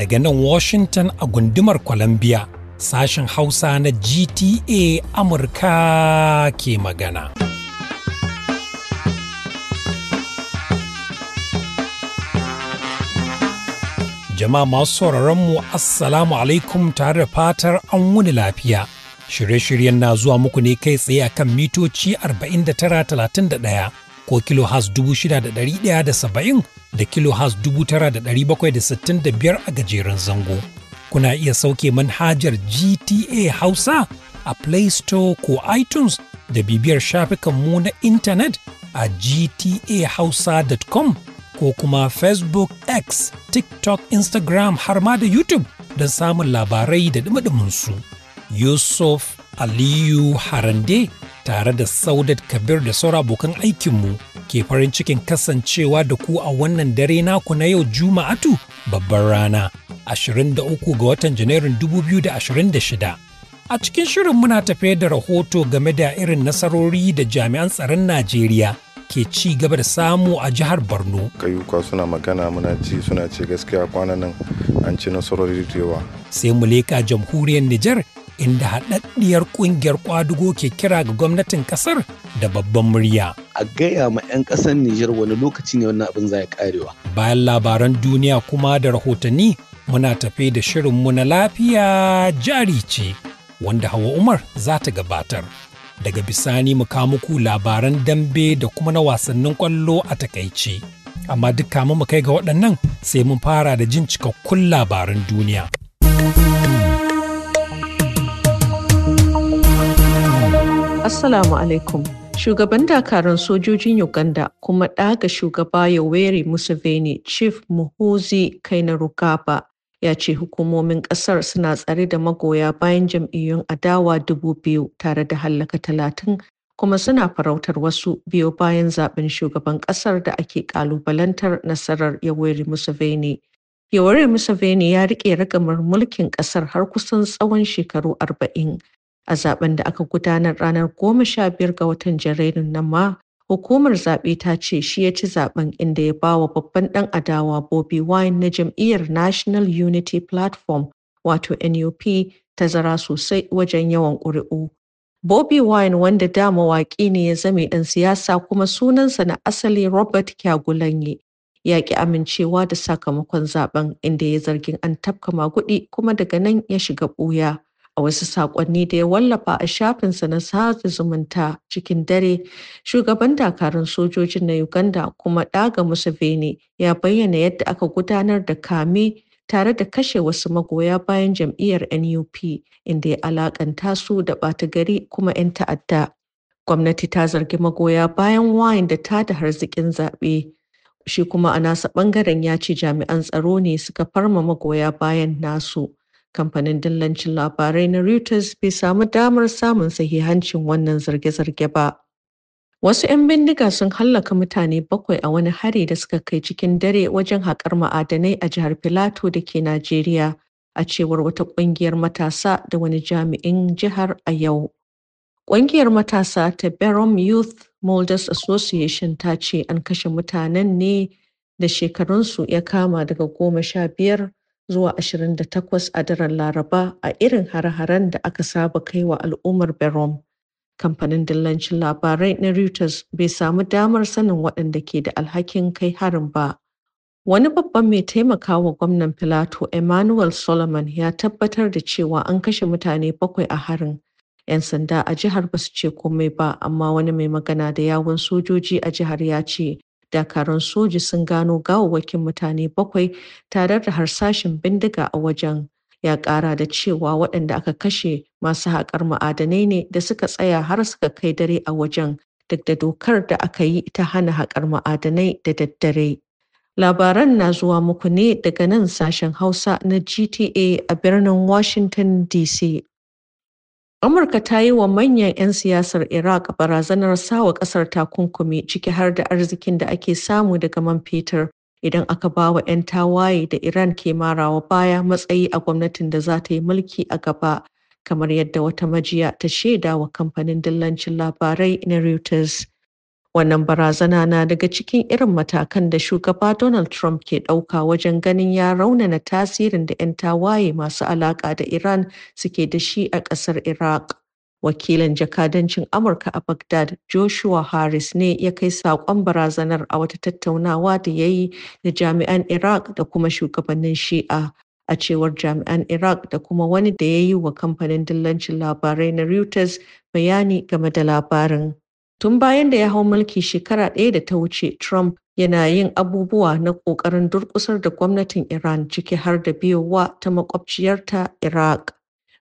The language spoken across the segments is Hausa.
daga nan Washington a gundumar Columbia sashen Hausa na GTA Amurka ke magana. Jama'a masu sauraronmu Assalamu alaikum tare da fatar an wuni lafiya. Shirye-shiryen na zuwa muku ne kai tsaye a kan mitoci 49, 31 ko kilohas 6,170 da kilohas 9,765 a gajeren zango. Kuna iya sauke manhajar GTA Hausa a Play Store ko iTunes da bibiyar shafikanmu na intanet a gtahausa.com ko kuma Facebook, X, TikTok, Instagram har ma da YouTube don samun labarai da dumi Yusuf Aliyu Harande tare da Saudat Kabir da sauran abokan aikinmu ke farin cikin kasancewa da ku a wannan dare naku na yau Juma'atu babbar rana 23 ga watan Janairun 2026. A cikin shirin muna tafe da rahoto game da irin nasarori da jami'an tsaron Najeriya ke ci gaba da samu a jihar Borno. Kayuka suna magana muna ci suna ce gaskiya kwanan nan an ci nasarori da yawa. Sai mu leka jamhuriyar Nijar inda haɗaɗɗiyar ƙungiyar ƙwadago ke kira ga gwamnatin ƙasar da babban murya. A gaya ma 'yan ƙasar Nijar wani lokaci ne wannan abin zai karewa. Bayan labaran duniya kuma da rahotanni muna tafe da shirin mu na lafiya jari ce wanda Hawa Umar za ta gabatar. Daga bisani mu muku labaran dambe da kuma na wasannin ƙwallo a takaice. Amma duk kamun mu kai ga waɗannan sai mun fara da jin cikakkun labaran duniya. Assalamu alaikum. Shugaban dakarun sojojin Uganda kuma ɗaga shugaba Yoweri Museveni Chief Muhuzi Kainarugaba, ya ce hukumomin ƙasar suna tsare da magoya bayan jam'iyyun adawa dubu biyu tare da hallaka talatin kuma suna farautar wasu biyu bayan zaben shugaban ƙasar da ake ƙalubalantar nasarar Yoweri Museveni. Yoweri Museveni ya riƙe ragamar mulkin ƙasar har kusan tsawon shekaru arba'in a zaben da aka gudanar ranar goma sha biyar ga watan janairun nan ma hukumar zaɓe ta ce shi ya ci zaben inda ya ba wa babban ɗan adawa bobi wine na jam'iyyar national unity platform wato nup tazara sosai wajen yawan ƙuri'u Bobi Wine wanda da mawaƙi ne ya zame ɗan siyasa kuma sunansa na asali Robert Kyagulanyi ya ƙi amincewa da sakamakon zaben inda ya zargin an tafka maguɗi kuma daga nan ya shiga ɓuya. A wasu sakonni da ya wallafa a shafinsa na sada zumunta cikin dare, shugaban dakarun sojojin na Uganda kuma ɗaga Museveni ya bayyana yadda aka gudanar da kame tare da kashe wasu magoya bayan jam'iyyar NUP inda ya alakanta su da ɓata gari kuma 'yan ta'adda. Gwamnati ta zargi magoya bayan wayan da ta da harzikin zaɓe. Shi kuma a nasa ɓangaren ya ce jami'an tsaro ne suka farma magoya bayan nasu. kamfanin dillancin labarai na reuters bai samu damar samun sahihancin wannan zarge-zarge ba wasu 'yan bindiga sun hallaka mutane bakwai a wani hari da suka kai cikin dare wajen haƙar ma'adanai a jihar filato da ke najeriya a cewar wata ƙungiyar matasa da wani jami'in jihar a yau ƙungiyar matasa ta Berom youth Molders Association ta ce an kashe mutanen ne da shekarunsu ya kama daga goma sha biyar zuwa 28 a daren Laraba a irin hare-haren da aka saba kai wa al'ummar Berom. Kamfanin dillancin labarai na Reuters bai samu damar sanin waɗanda ke da alhakin kai harin ba. Wani babban mai taimakawa gwamnan Filato Emmanuel Solomon ya tabbatar da cewa an kashe mutane bakwai a harin. 'Yan sanda a jihar ba su ce komai ba, amma wani mai magana da yawun sojoji a jihar ya ce dakarun soji sun gano gawawwakin mutane bakwai tare da harsashin bindiga a wajen ya kara da cewa waɗanda aka kashe masu haƙar ma'adanai ne da suka tsaya har suka kai dare a wajen duk da dokar da aka yi ta hana haƙar ma'adanai da daddare. Labaran na zuwa muku ne daga nan sashen Hausa na GTA a birnin Washington DC. Amurka ta yi wa manyan 'yan siyasar Iraq barazanar sawa ƙasar takunkumi ciki har da arzikin da ake samu daga man fetur idan aka ba wa 'yan tawaye da Iran ke marawa baya matsayi a gwamnatin da za ta yi mulki a gaba, kamar yadda wata majiya ta shaida wa kamfanin dillancin labarai na Reuters. Wannan barazana na daga cikin irin matakan da shugaba Donald Trump ke ɗauka wajen ganin ya raunana tasirin da 'yan tawaye masu alaƙa da Iran suke da shi a ƙasar Iraq. Wakilin jakadancin Amurka a Baghdad, Joshua Harris ne ya kai saƙon barazanar a wata tattaunawa da ya yi da jami'an Iraq da kuma shugabannin Shi'a. A cewar jami'an Iraq da kuma wani da ya yi wa kamfanin dillancin labarai na Reuters bayani game da labarin. Tun bayan da ya hau mulki shekara ɗaya da ta wuce, Trump yana yin abubuwa na ƙoƙarin durƙusar da gwamnatin Iran ciki har da biyowa ta makwabciyarta Iraq.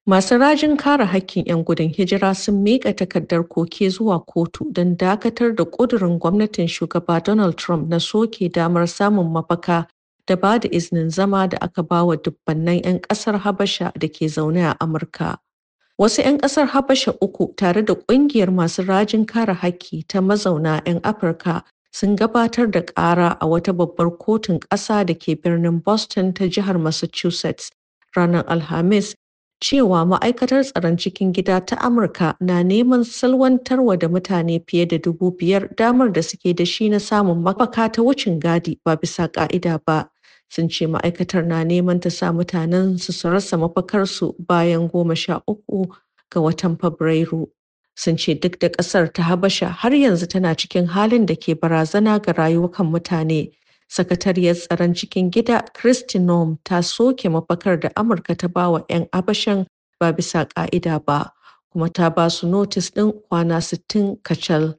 Masu rajin kare hakkin 'yan gudun hijira sun miƙa takardar koke zuwa kotu don dakatar da ƙudurin gwamnatin shugaba Donald Trump na soke damar samun mafaka da ba da izinin zama da aka ba wa dubbannan 'yan ƙasar Habasha da ke zaune a Amurka. Wasu 'yan ƙasar Habasha uku tare da ƙungiyar masu rajin kare haƙƙi ta mazauna 'yan Afirka sun gabatar da ƙara a wata babbar kotun ƙasa da ke birnin Boston ta jihar Massachusetts ranar Alhamis cewa ma'aikatar tsaron cikin gida ta Amurka na neman salwantarwa da mutane fiye da dubu biyar damar da suke da shi na samun mafaka ta wucin gadi ba bisa ƙa'ida ba. sun ce ma'aikatar na neman ta sa mutanen su rasa mafakar su bayan goma sha uku ga watan Fabrairu. Sun ce duk da ƙasar ta Habasha har yanzu tana cikin halin da ke barazana ga rayukan mutane. Sakatariyar tsaron cikin gida Kristi Noem ta soke mafakar da Amurka ta ba wa 'yan abashan ba bisa ka'ida ba, kuma ta ba su notis ɗin kwana sittin kacal.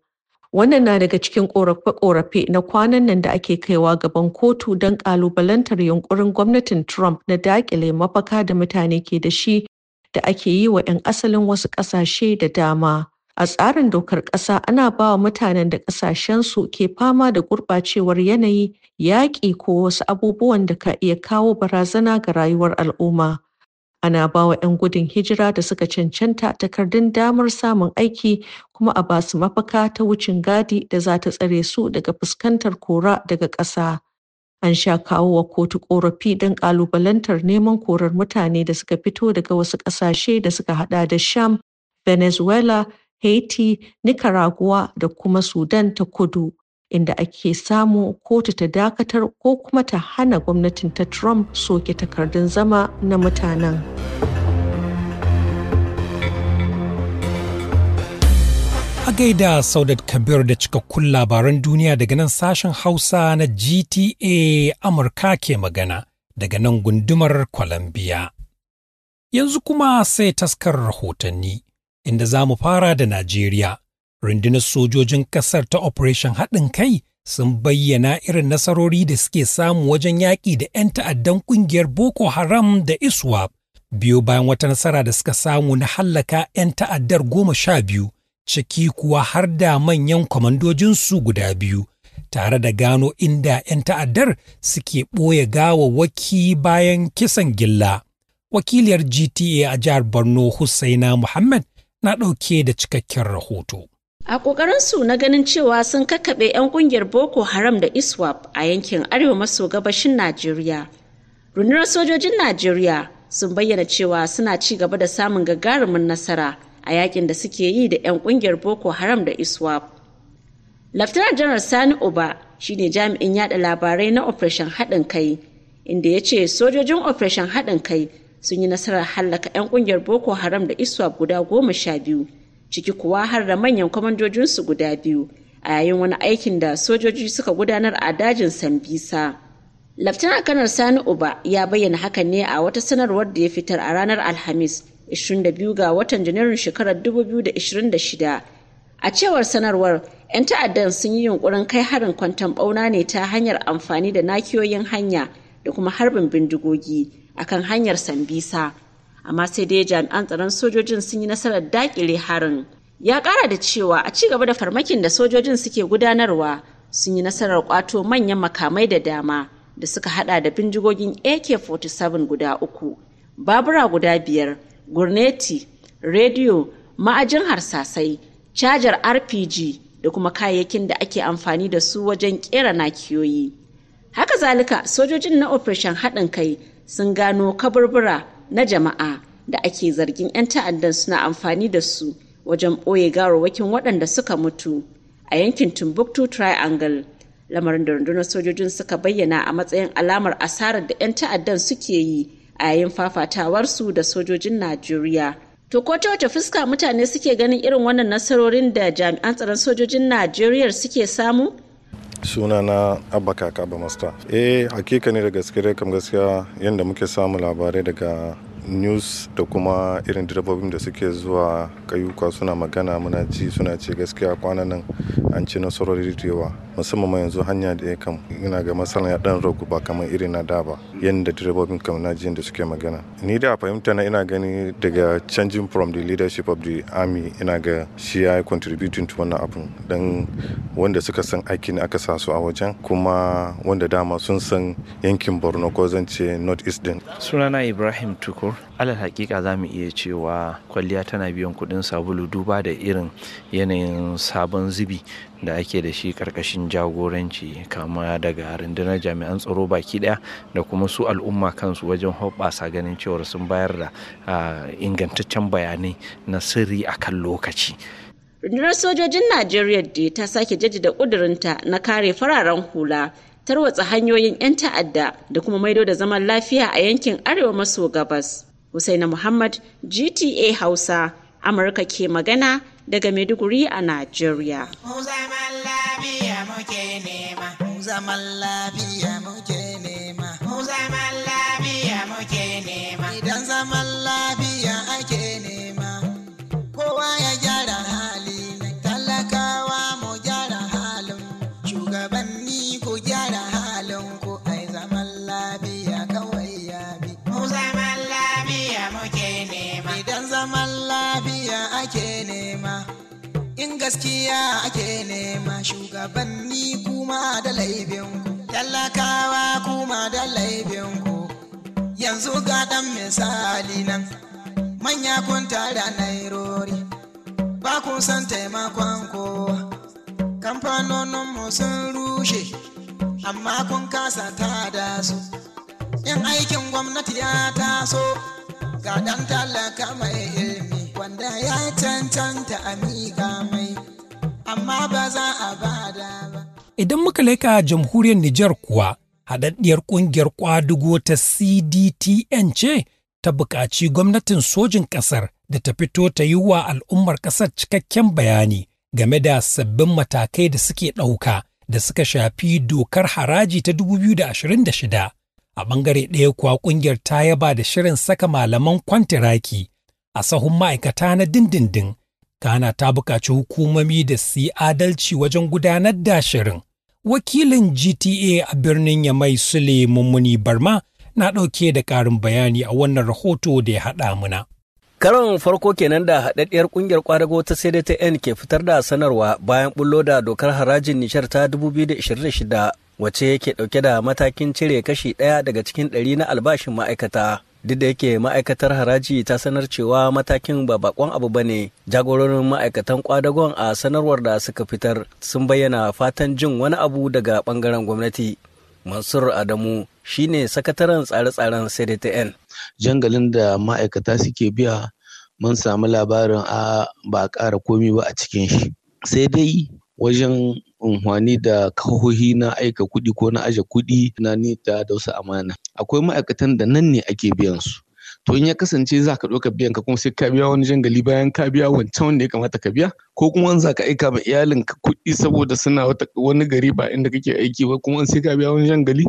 Wannan na daga cikin ƙorafe-ƙorafe na kwanan nan da ake kaiwa gaban kotu don ƙalubalantar yunkurin gwamnatin Trump na daƙile mafaka da mutane ke da shi da ake yi wa 'yan asalin wasu ƙasashe da dama. A tsarin dokar ƙasa ana ba wa mutanen da ƙasashensu ke fama da gurɓacewar yanayi, yaƙi ko wasu abubuwan da ka iya kawo barazana ga rayuwar al'umma. ana ba wa 'yan gudun hijira da suka cancanta takardun damar samun aiki kuma a ba su mafaka ta wucin gadi da za ta tsare su daga fuskantar kora daga ƙasa. An sha kawo wa kotu ƙorafi don ƙalubalantar neman korar mutane da suka fito daga wasu ƙasashe da suka haɗa da Sham, Venezuela, Haiti, Nicaragua da kuma Sudan ta kudu. inda ake samu kotu ta dakatar ko kuma ta hana gwamnatin ta Trump soke takardun zama na mutanen. A gaida Saudat Kabir da cikakkun labaran duniya daga nan sashen Hausa na GTA Amurka ke magana daga nan gundumar Columbia. Yanzu kuma sai taskar rahotanni, inda za mu fara da Najeriya. rundunar sojojin ƙasar ta Operation haɗin kai sun bayyana irin nasarori da suke samu wajen yaƙi da 'yan ta'addan ƙungiyar Boko Haram da ISWAP. Biyo bayan wata nasara da suka samu na hallaka 'yan ta'addar goma sha biyu, ciki kuwa har da manyan kwamandojinsu guda biyu, tare da gano inda 'yan ta'addar suke ɓoye gawawwaki bayan kisan gilla. Wakiliyar GTA a jihar Borno Hussaina Muhammad na ɗauke da cikakken rahoto. A ƙoƙarinsu na ganin cewa sun kakkaɓe 'yan ƙungiyar Boko Haram da ISWAP a yankin arewa maso gabashin Najeriya. Rundunar sojojin Najeriya sun bayyana cewa suna ci gaba da samun gagarumin nasara a yakin da suke yi da 'yan ƙungiyar Boko Haram da ISWAP. Laftanar Janar Sani Uba shine jami'in yada labarai na Operation Haɗin Kai, inda ya ce sojojin Operation Haɗin Kai sun yi nasarar hallaka 'yan ƙungiyar Boko Haram da ISWAP guda goma sha biyu. ciki kuwa har da manyan kwamandojinsu guda biyu a yayin wani aikin da sojoji suka gudanar a dajin sambisa laftana kanar sani uba ya bayyana hakan ne a wata sanarwar da ya fitar a ranar alhamis 22 ga watan janairun shekarar 2026 a cewar sanarwar 'yan ta'addan sun yi yunkurin kai harin kwanton bauna ne ta hanyar amfani da nakiyoyin hanya da kuma harbin bindigogi akan hanyar sambisa amma sai dai jami'an tsaron sojojin sun yi nasarar dakile harin ya kara da cewa a ci gaba da farmakin da sojojin suke gudanarwa sun yi nasarar kwato manyan makamai da dama da suka hada da binjigogin ak-47 guda uku babura guda biyar gurneti rediyo ma'ajin harsasai cajar rpg da kuma kayayyakin da ake amfani da su wajen kera nakiyoyi haka zalika sojojin na operation haɗin kai sun gano kaburbura na jama'a da ake zargin 'yan ta'addan suna amfani da su wajen ɓoye gawarwakin waɗanda suka mutu a yankin Timbuktu Triangle. Lamarin da rundunar sojojin suka bayyana a matsayin alamar asarar da 'yan ta'addan suke yi a yayin fafatawarsu da sojojin Najeriya. To ko ta wace fuska mutane suke ganin irin wannan nasarorin da jami'an tsaron sojojin Najeriya suke samu? sunana abba kaka ba masta eh hakika ne da gaske kam gaskiya yadda muke samun labarai daga news da kuma irin direbobin da suke zuwa kayuka suna magana muna ji suna ce gaskiya kwanan nan an ci nasarori da yawa musamman yanzu hanya da ya kam ina ga matsala ya dan ragu ba kamar irin na da ba yadda direbobin kam na jiyan da suke magana ni da fahimta na ina gani daga changing from the leadership of the army ina ga shi ya contributing to wannan abun dan wanda suka san aikin aka sa su a wajen kuma wanda dama sun san yankin borno ko zan north east din sunana ibrahim tukur alal hakika za mu iya cewa kwalliya tana biyan kudin sabulu duba da irin yanayin sabon zubi da ake da shi karkashin jagoranci kama daga rundunar jami'an tsaro baki daya da kuma su al'umma kansu wajen hoɓasa ganin cewar sun bayar da ingantaccen bayanai na sirri akan lokaci rundunar sojojin najeriya da ta sake jaddada ƙudurinta na kare fararen hula tarwatsa hanyoyin 'yan ta'adda da kuma maido da zaman lafiya a yankin arewa maso gabas husaina muhammad gta hausa amurka ke magana daga Maiduguri a Najeriya. Mu zaman lafiya muke nema, mu zaman gaskiya ake nema shugabanni kuma da laifinku talakawa kuma da ku yanzu ga dan misali nan manya kun tara nairori ba kun san taimakon kowa kamfanoninmu sun rushe amma kun kasa ta da su in aikin gwamnati ya taso ga dan talaka mai ilmi wanda ya cancanta amiga mai amma ba za a bada ba. Idan muka laika jamhuriyar Nijar kuwa, haɗaɗɗiyar ƙungiyar ƙwadago ta CDTN ce ta buƙaci gwamnatin sojin ƙasar da ta fito ta yi wa al'ummar ƙasar cikakken bayani game da sabbin matakai da suke ɗauka da suka shafi dokar haraji ta 2026. A ɓangare ɗaya kuwa ƙungiyar ta yaba da shirin saka malaman kwantiraki a sahun ma'aikata na dindindin Ghana ta buƙaci hukumomi da su adalci wajen gudanar da shirin wakilin gta a birnin yamai sule mummuni barma na ɗauke da ƙarin bayani a wannan rahoto da ya haɗa muna karon farko kenan da haɗaɗɗiyar ƙungiyar ƙwadago ta cdtn ke fitar da sanarwa bayan bullo da dokar harajin nishar ta 2026 wacce yake ɗauke da matakin cire kashi ɗaya daga cikin ɗari na albashin ma'aikata duk da yake ma'aikatar haraji ta sanar cewa matakin ba bakon abu ba ne jagororin ma'aikatan kwadagon a sanarwar da suka fitar sun bayyana fatan jin wani abu daga bangaren gwamnati mansur adamu shine sakataren tsare-tsaren cdtn jangalin da ma'aikata suke biya mun samu labarin a ba ƙara komi ba a cikin shi sai dai wajen unhwani da kahohi na aika kuɗi ko na aje kuɗi na nita da wasu amana akwai ma'aikatan da nan ne ake biyan su to in ya kasance za ka ɗauka biyan ka kuma sai ka biya wani jangali bayan ka biya wancan wanda ya kamata ka biya ko kuma in za ka aika ma iyalin ka kuɗi saboda suna wani gari ba inda kake aiki ba kuma sai ka biya wani jangali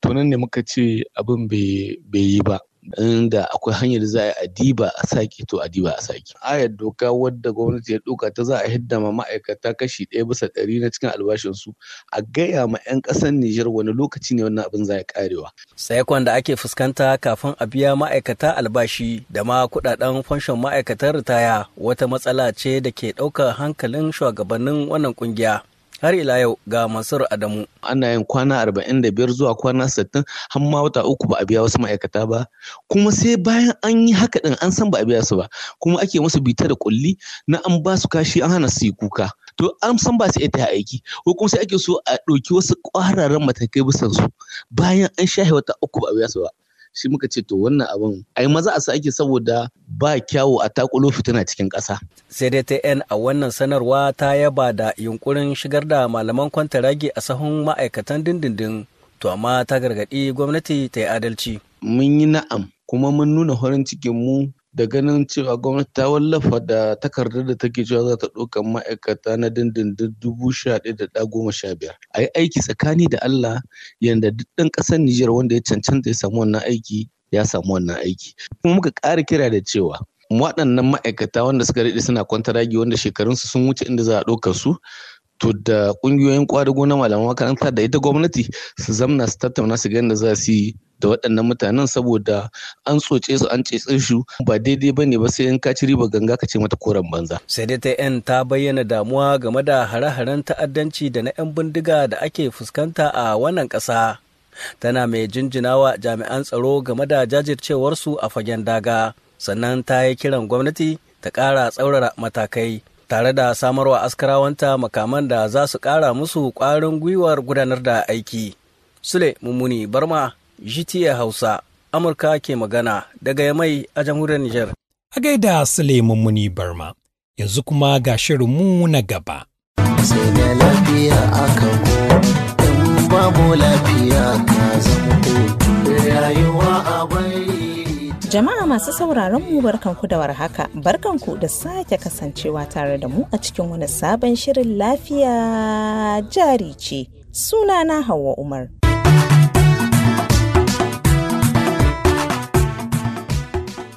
to nan ne muka ce abin bai yi ba inda akwai hanyar za a diba a saki to a diba a saki ayar doka wadda gwamnati ya doka ta za a hidda ma ma'aikata kashi ɗaya bisa ɗari na cikin albashinsu a gaya ma 'yan ƙasar Nijar wani lokaci ne wannan abin za karewa. Saikon da ake fuskanta kafin a biya ma'aikata albashi da ma kuɗaɗen fanshon ma'aikatan ritaya wata matsala ce da ke ɗaukar hankalin shugabannin wannan ƙungiya. har ila yau ga masar Adamu. Ana yin kwana arba'in da biyar zuwa kwana 60 har ma wata uku ba a biya wasu ma'aikata ba. Kuma sai bayan an yi haka din an san ba a biya su ba. Kuma ake musu bita da kulli na an ba su kashi an hana su yi kuka. To an san ba su ita aiki. Ko kuma sai ake so a ɗauki wasu ƙwararren matakai bisan su bayan an shahe wata uku ba a biya su ba. shi muka ce to wannan abin ai maza a ake saboda ba kyawu a takulo fitina cikin ƙasa. sai dai ta a wannan sanarwa ta yaba da yunkurin shigar da malaman kwanta rage a sahun ma'aikatan dindindin to amma ta gargaɗi gwamnati ta yi adalci. mun yi na'am kuma mun nuna farin cikin mu da ganin cewa gwamnati ta wallafa da takardar da take cewa za ta ɗauka ma'aikata na dindindin dubu sha ɗaya da ɗa goma sha biyar a yi aiki tsakani da Allah yadda duk ɗan ƙasar Nijar wanda ya cancanta ya samu wannan aiki ya samu wannan aiki kuma muka ƙara kira da cewa waɗannan ma'aikata wanda suka daɗe suna kwantaragi wanda shekarunsu sun wuce inda za a ɗauka su to da ƙungiyoyin ƙwadago na malaman makaranta da ita gwamnati su zamna su tattauna su ga yadda za su yi da waɗannan mutanen saboda an tsoce su an tsotse su ba daidai ba ne ba sai in ka ci riba ganga ka ce mata koren banza. sai dai ta yan ta bayyana damuwa game da hare-haren ta'addanci da na 'yan bindiga da ake fuskanta a wannan ƙasa. tana mai jinjinawa jami'an tsaro game da jajircewarsu a fagen daga sannan ta yi kiran gwamnati ta ƙara tsaurara matakai tare da samarwa askarawanta makaman da za su ƙara musu ƙwarin gwiwar gudanar da aiki sule mummuni barma GTA Hausa, Amurka ke magana daga Yamai a jamhuriyar Nijar. A gaida Suleiman Muni Barma, yanzu kuma ga shirinmu na gaba. Sai Jama'a masu sauraron mu barkanku da warhaka, barkanku da sake kasancewa tare da mu a cikin wani sabon shirin lafiya jari ce. Sunana Hauwa Umar.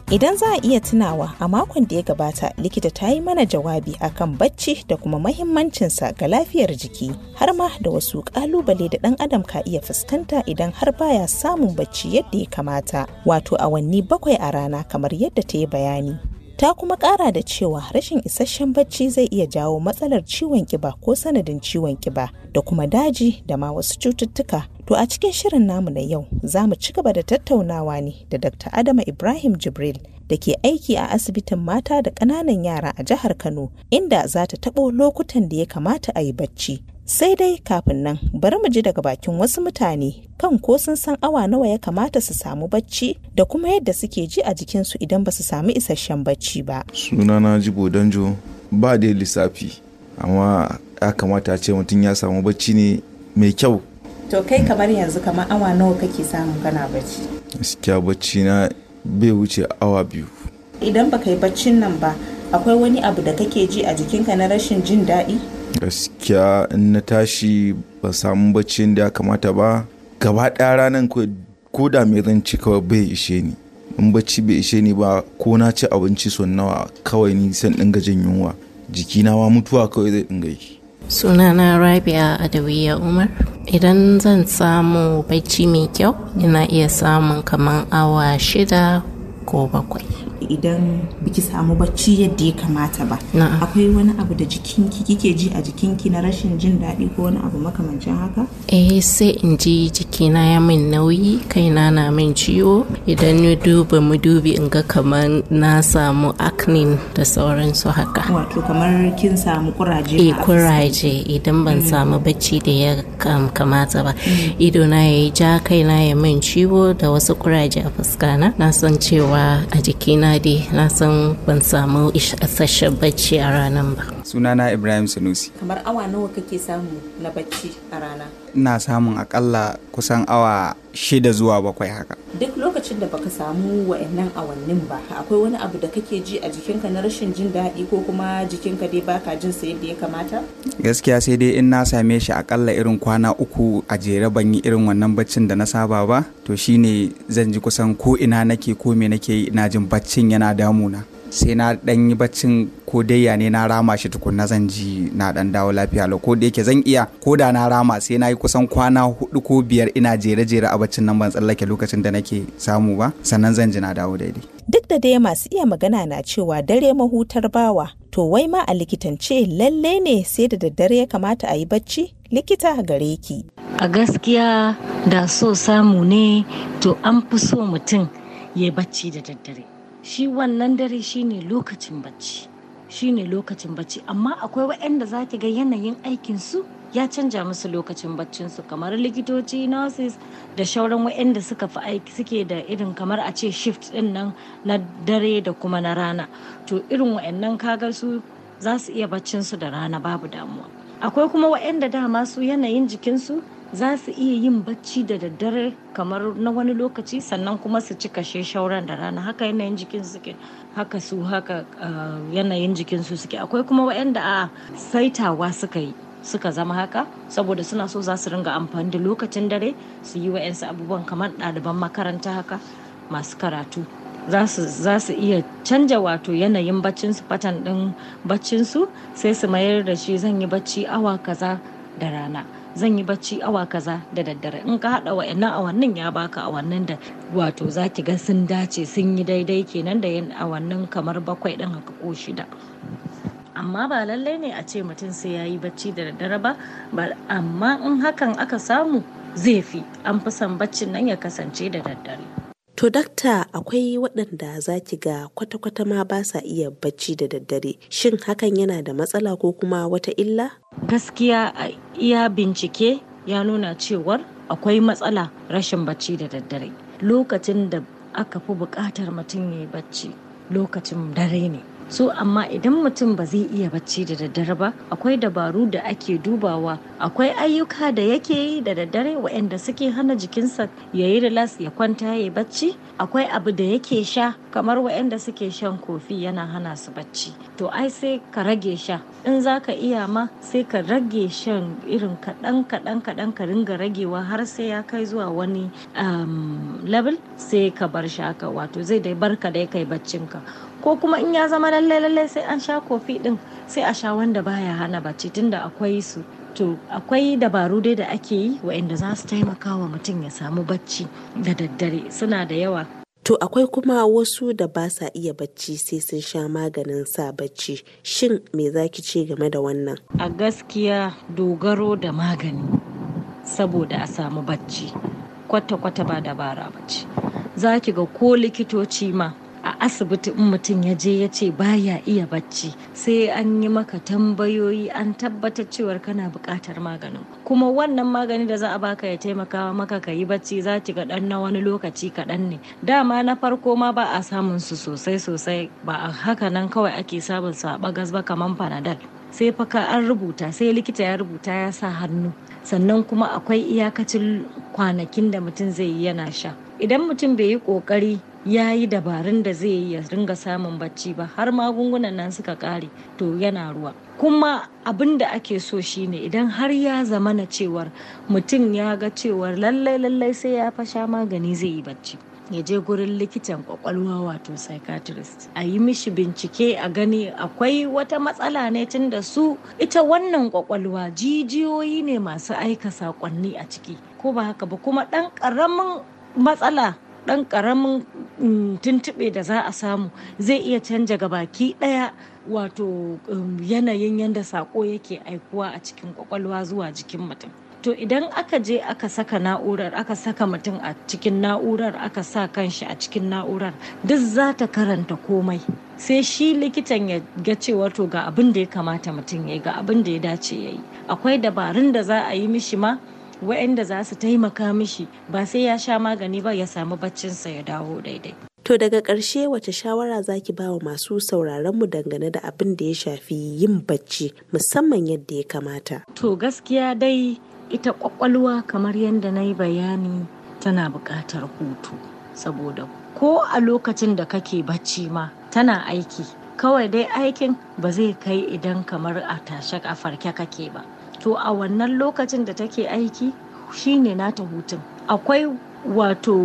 Idan za a iya tunawa a makon da ya gabata likita ta yi mana jawabi akan bacci da kuma mahimmancinsa ga lafiyar jiki har ma da wasu kalubale da ɗan adam ka iya fuskanta idan har baya samun bacci yadda ya kamata wato awanni bakwai a rana kamar yadda ta yi bayani. ta kuma kara da cewa rashin isasshen bacci zai iya jawo matsalar ciwon kiba ko sanadin ciwon kiba da kuma daji da ma wasu cututtuka to a cikin shirin namu na yau za mu ci gaba da tattaunawa ne da dr adama ibrahim jibril da ke aiki a asibitin mata da ƙananan yara a jihar kano inda za ta taɓo lokutan da ya kamata a yi bacci Sai dai kafin nan bari mu ji daga bakin wasu mutane kan ko sun san awa nawa ya kamata su samu bacci da kuma yadda suke ji a jikinsu idan ba su samu isasshen bacci ba. Sunana Jibo Danjo ba dai lissafi amma ya kamata ce mutum ya samu bacci ne mai kyau. To kai kamar yanzu kamar awa nawa kake samu kana bacci? Gaskiya bacci na bai wuce awa biyu. Idan baka yi baccin nan ba akwai wani abu da kake ji a jikinka na rashin jin daɗi? gaskiya in na tashi ba samu bacci da ya kamata ba gaba ɗaya ranar ko da mai zan ci kawai bai ishe ni in bacci bai ishe ni ba ko na ci abinci son nawa kawai ni san dinga jin yunwa jikina ma mutuwa kawai zai dinga yi sunana rabia adawiya umar idan zan samu bacci mai kyau ina iya samun kamar awa shida ko bakwai idan biki samu bacci yadda ya kamata ba akwai wani abu da jikinki kike ji a jikinki na rashin jin daɗi ko wani abu makamancin haka eh sai in ji jikina ya min nauyi kaina na min ciwo idan ni duba mu dubi in ga kamar na samu acne da sauransu haka wato kamar kin samu kuraje eh kuraje idan ban mm. samu bacci da ya kamata ba mm. ido na yayi ja kaina ya min ciwo da wasu kuraje a fuskana na san cewa a jikina ma na san ban samu isasshen bacci a ranar ba sunana ibrahim sanusi kamar awa nawa kake samu na bacci a rana ina samun akalla kusan awa shida zuwa bakwai haka duk lokacin da baka samu wa'annan awannin ba akwai wani abu da kake ji a jikinka na rashin jin daɗi ko kuma jikinka dai baka jin sa yadda ya kamata gaskiya sai dai in na same shi akalla irin kwana uku a jere ban yi irin wannan baccin da na saba ba to shine zan ji kusan ko ina nake ko me nake yi ina jin baccin yana damuna sai na dan yi baccin ko dai ne na rama shi tukunna zan ji na dan dawo lafiya lo ko da yake zan iya ko da na rama sai na yi kusan kwana hudu ko biyar ina jere jere a baccin nan ban tsallake lokacin da nake samu ba sannan zan ji na dawo daidai duk da dai masu iya magana na cewa dare mahutar bawa to wai ma a likitance lalle ne sai da daddare ya kamata a yi bacci likita gare ki a gaskiya da so samu ne to an fi so mutum ya bacci da daddare shi wannan dare shine lokacin bacci shine lokacin bacci amma akwai waɗanda za ki ga yanayin aikinsu ya canja musu lokacin baccinsu kamar likitoci nurses da shauran waɗanda suka fi aiki suke da irin kamar a ce shift ɗin nan na dare da kuma na rana to irin waɗannan kaga su za su iya baccinsu da rana babu damuwa akwai kuma waɗanda dama su yanayin jikinsu za su iya yin bacci da daddare kamar na wani lokaci sannan kuma su cika kashe shauran da rana haka yanayin jikin suke haka su haka ah, yanayin jikin su suke akwai kuma waɗanda a saitawa suka yi suka zama haka saboda suna so za su ringa amfani da lokacin dare su yi wa'yansu abubuwan kamar ɗaliban makaranta haka masu karatu za su iya canja wato yanayin baccinsu fatan ɗin baccinsu sai su mayar da shi zan yi bacci awa kaza da rana zan yi bacci awa kaza da daddare in ka haɗa wa'in awannin ya baka awannin da wato za ki ga sun dace sun yi daidai kenan da yin awannin kamar bakwai ɗin haka ko shida amma ba lallai ne a ce mutum sai ya yi bacci da daddare ba amma in hakan aka samu zai fi an fi son baccin nan ya kasance da daddare To dakta akwai waɗanda za ki ga kwata-kwata ma ba sa iya bacci da daddare. Shin hakan yana da matsala ko kuma wata illa? Gaskiya a iya bincike ya nuna cewar akwai matsala rashin bacci da daddare. Lokacin da aka fi buƙatar mutum ya yi bacci lokacin dare ne. so amma idan mutum ba zai iya bacci da daddare ba akwai dabaru da ake dubawa akwai ayyuka da yake yi da daddare waɗanda suke hana jikinsa ya yi relax ya kwanta ya yi bacci akwai abu da yake sha kamar waɗanda suke shan kofi yana hana su bacci to ai sai ka rage sha in za ka iya ma sai ka rage shan irin kaɗan kaɗan kaɗan ka ringa ragewa har sai ya kai zuwa wani um, level sai ka bar shaka wato zai dai barka dai kai baccinka ko kuma in ya zama lallai lallai sai an sha kofi din sai a sha wanda baya hana bacci tunda akwai su to akwai dabaru dai da ake yi waɗanda za su taimaka wa mutum ya samu bacci da daddare suna da yawa To akwai kuma wasu da ba sa iya bacci sai sun sha maganin sa bacci. Shin me za ki ce game da wannan? A gaskiya dogaro da magani saboda a samu bacci. Kwata-kwata ba dabara bacci. Za ki ga ko likitoci ma a asibiti in mutum ya je ya ce baya iya bacci sai an yi maka tambayoyi an tabbatar cewa kana buƙatar maganin kuma wannan magani da za a baka ya taimaka maka ka yi bacci za ki ga ɗan na wani lokaci kaɗan ne dama na farko ma ba a samun su sosai sosai ba a haka nan kawai ake samun su a bagas ba kamar panadol sai fa ka an rubuta sai likita ya rubuta ya sa hannu sannan kuma akwai iyakacin kwanakin da mutum zai yi yana sha idan mutum bai yi ƙoƙari ya yi dabarun da zai yi ya ringa samun bacci ba har magungunan nan suka kare to yana ruwa kuma abin da ake so shine idan har ya zama na cewar mutum ya ga cewar lallai lallai sai ya fasha magani zai yi bacci ya je gurin likitan kwakwalwa wato psychiatrist a yi mishi bincike a gani akwai wata matsala ne tun da su ita wannan kwakwalwa jijiyoyi ne masu aika saƙonni a ciki ko ba haka ba kuma ɗan ƙaramin matsala ɗan ƙaramin mm, tuntuɓe da za a samu zai iya canja baki ɗaya wato um, yanayin yadda sako yake aikuwa a cikin kwakwalwa zuwa jikin mutum. to idan aka je aka saka na'urar aka saka mutum a cikin na'urar aka sa kanshi a cikin na'urar duk za ta karanta komai sai shi likitan ya ga cewa to ga abin da ya kamata mutum ya yi ga abin da ya dace ya yi akwai dabarun da za a yi mishi ma waɗanda za su taimaka mishi ba sai ya sha magani ba ya samu baccinsa ya dawo daidai. To daga ƙarshe wace shawara zaki ba wa masu mu dangane da abin da ya shafi yin bacci musamman yadda ya kamata? To gaskiya dai ita ƙwaƙwalwa kamar yadda na yi bayani tana buƙatar hutu saboda ko a lokacin da kake bacci ma tana aiki kawai dai aikin ba zai kai idan kamar a tashe a farke kake ba to a wannan lokacin da take aiki shine nata hutun akwai wato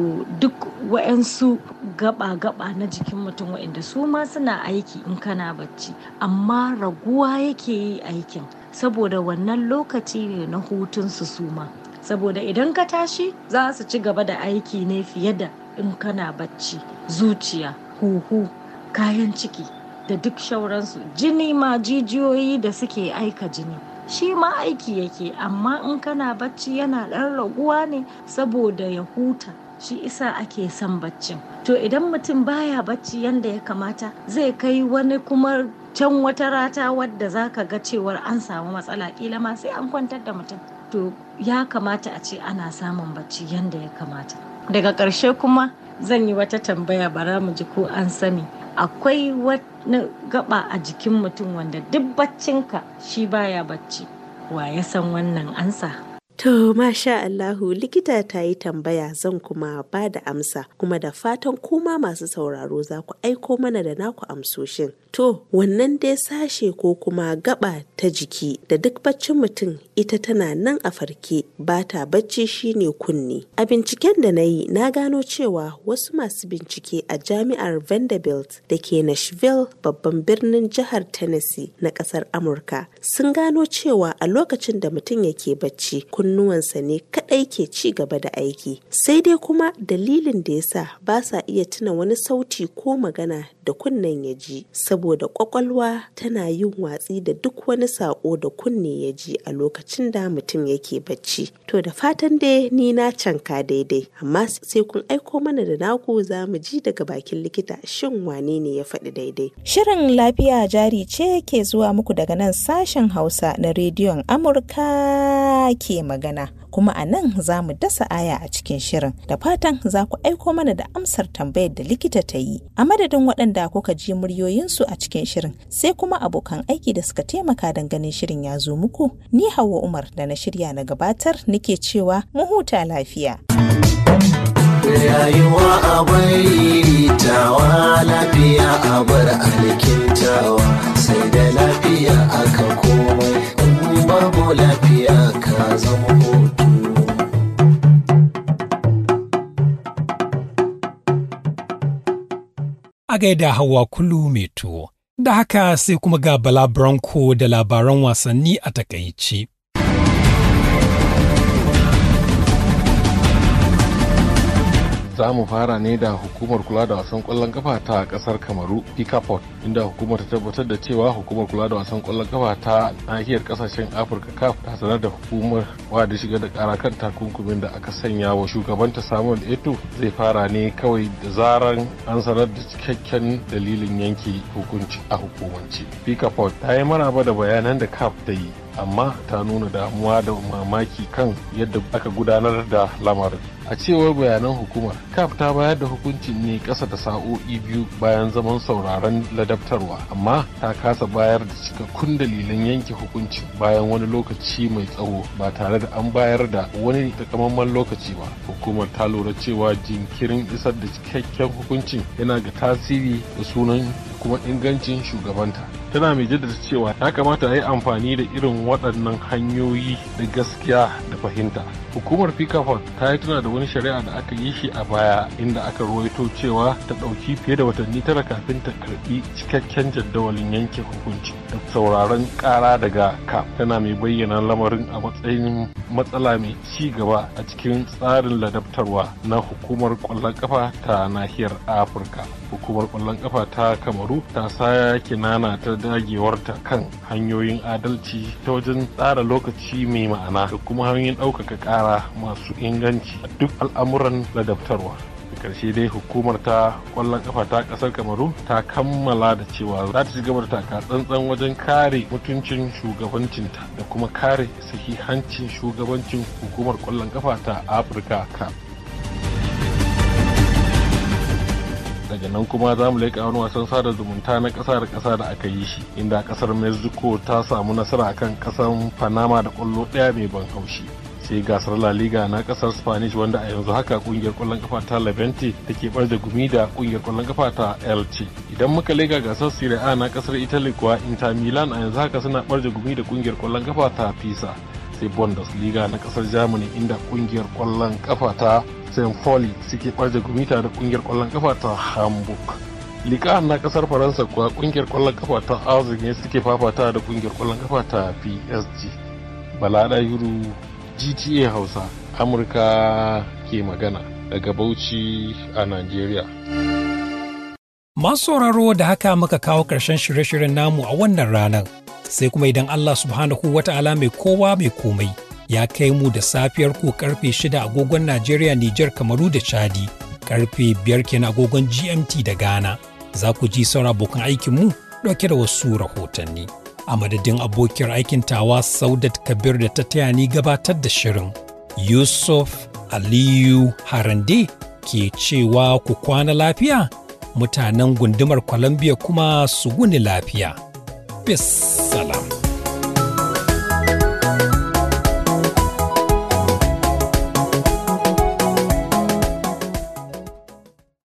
duk wa'yansu gaba-gaba na jikin mutum wa'inda su ma suna aiki in kana bacci amma raguwa yake yi aikin saboda wannan lokaci ne na hutunsu su ma saboda idan ka tashi za su ci gaba da aiki ne fiye da in kana bacci zuciya huhu kayan ciki da duk shauransu jini ma jijiyoyi da suke aika jini shi ma aiki yake amma in kana bacci yana ɗan raguwa ne saboda ya huta shi isa ake son baccin to idan mutum baya bacci yanda ya kamata zai kai wani kuma can wata rata wadda za ka ga cewar an samu matsala kila ma sai an kwantar da mutum to ya kamata a ce ana samun bacci yanda ya kamata daga ƙarshe kuma zan yi wata tambaya bara mu ji ko an sani akwai wani gaba a jikin mutum wanda duk baccinka shi baya bacci wa ya san wannan ansa To, masha Allahu likita ta yi tambaya zan kuma ba da amsa kuma da fatan kuma masu sauraro za ku aiko mana da naku amsoshin. To, wannan dai sashe ko kuma gaba ta jiki da duk baccin mutum ita tana nan a farke ba ta bacci ne kunni. A binciken da na yi na gano cewa wasu masu bincike a jami'ar Vanderbilt da ke Nashville babban birnin jihar Tennessee na ƙasar Amurka sun gano cewa a lokacin da mutum yake bacci kunni hannuwansa ne kaɗai ke ci gaba da aiki sai dai kuma dalilin da yasa ba sa iya tuna wani sauti ko magana da kunnen ya ji saboda kwakwalwa tana yin watsi da duk wani saƙo da kunne ya ji a lokacin da mutum yake bacci to da fatan dai ni na canka daidai amma sai kun aiko mana da naku za mu ji daga bakin likita shin wane ne ya faɗi daidai shirin lafiya jari ce ke zuwa muku daga nan sashen hausa na rediyon amurka ke magana kuma a nan za mu dasa aya a cikin shirin da fatan za ku aiko mana da amsar tambayar da likita ta yi a madadin waɗanda kuka ji muryoyinsu a cikin shirin sai kuma abokan aiki da suka taimaka don ganin shirin ya zo muku ni hawa umar da na shirya na gabatar nake cewa mu huta lafiya. Rayuwa abai, tawa lafiya a bar gaida hawa kulu mai tuwo. Da haka sai kuma ga Bala Bronco da labaran wasanni a takaici. za mu fara ne da hukumar kula da wasan kwallon kafa ta kasar kamaru Pikapot inda hukumar ta tabbatar da cewa hukumar kula da wasan kwallon kafa ta nahiyar kasashen afirka Kaf ta sanar da hukumar wadda shiga da kara kan takunkumin da aka sanya wa shugabanta samuel eto zai fara ne kawai da zaran an sanar da cikakken dalilin yanke hukunci a hukumance Pikapot ta yi maraba da bayanan da Kaf ta yi amma ta nuna damuwa da mamaki kan yadda aka gudanar da lamarin a cewar bayanan hukumar kaf ta bayar da hukunci ne ƙasa da sa'o'i biyu bayan zaman sauraron ladabtarwa amma ta kasa bayar da cikakkun dalilan yanke hukunci bayan wani lokaci mai tsawo ba tare da an bayar da wani takamaiman lokaci ba hukumar ta lura cewa jinkirin isar da cikakken hukuncin yana ga tasiri da sunan kuma ingancin shugabanta tana mai jaddada cewa ya kamata a yi amfani da irin waɗannan hanyoyi da gaskiya da fahimta hukumar pikafon ta yi tana da wani shari'a da aka yi shi a baya inda aka ruwaito cewa ta ɗauki fiye da watanni tara kafin ta karɓi cikakken jadawalin yanke hukunci da sauraron ƙara daga ka tana mai bayyana lamarin a matsayin matsala mai ci gaba a cikin tsarin ladabtarwa na hukumar ƙwallon kafa ta nahiyar afirka hukumar kwallon kafa ta kamaru ta sake nana ta dagewarta kan hanyoyin adalci ta wajen tsara lokaci mai ma'ana da kuma hanyoyin ɗaukaka ƙara masu inganci a duk al'amuran ladabtarwa karshe dai hukumar ta kwallon kafa ta kasar kamaru ta kammala da cewa za ta ci gaba da taka tsantsan wajen kare mutuncin shugabancinta da kuma kare sahihancin shugabancin hukumar kwallon kafa ta afirka cup daga nan kuma za mu leƙa wani wasan sada zumunta na ƙasa da ƙasa da aka yi shi inda ƙasar mexico ta samu nasara akan ƙasar panama da ƙwallo ɗaya mai ban haushi sai gasar La Liga na kasar Spanish wanda a yanzu haka kungiyar kwallon kafa ta Levante take bar da gumi da ƙungiyar kwallon kafa ta Elche. Idan muka lega gasar Serie A na ƙasar Italy kuwa Inter Milan a yanzu haka suna bar da gumi da ƙungiyar kwallon kafa ta Pisa. sai bundesliga na kasar germany inda kungiyar kwallon kafa ta st pauli suke baje gumi da kungiyar kwallon kafa ta hamburg liga na kasar faransa kuwa kungiyar kwallon kafa ta arzik ne suke fafata da kungiyar kwallon kafa ta psg balada yuru gta hausa amurka ke magana daga bauchi a nigeria masu sauraro da haka muka kawo ƙarshen shirye-shiryen namu a wannan ranar sai kuma idan Allah subhanahu ta'ala mai kowa mai komai ya kai mu da safiyar ku karfe shida agogon Najeriya Nijar Kamaru da Chadi karfe biyar kenan agogon GMT da Ghana za ku ji saura abokan aikin mu dauke da wasu rahotanni a madadin abokiyar aikin tawa Saudat Kabir da ta taya ni gabatar da shirin Yusuf Aliyu Harande ke cewa ku kwana lafiya mutanen gundumar Columbia kuma su wuni lafiya. Bis salam.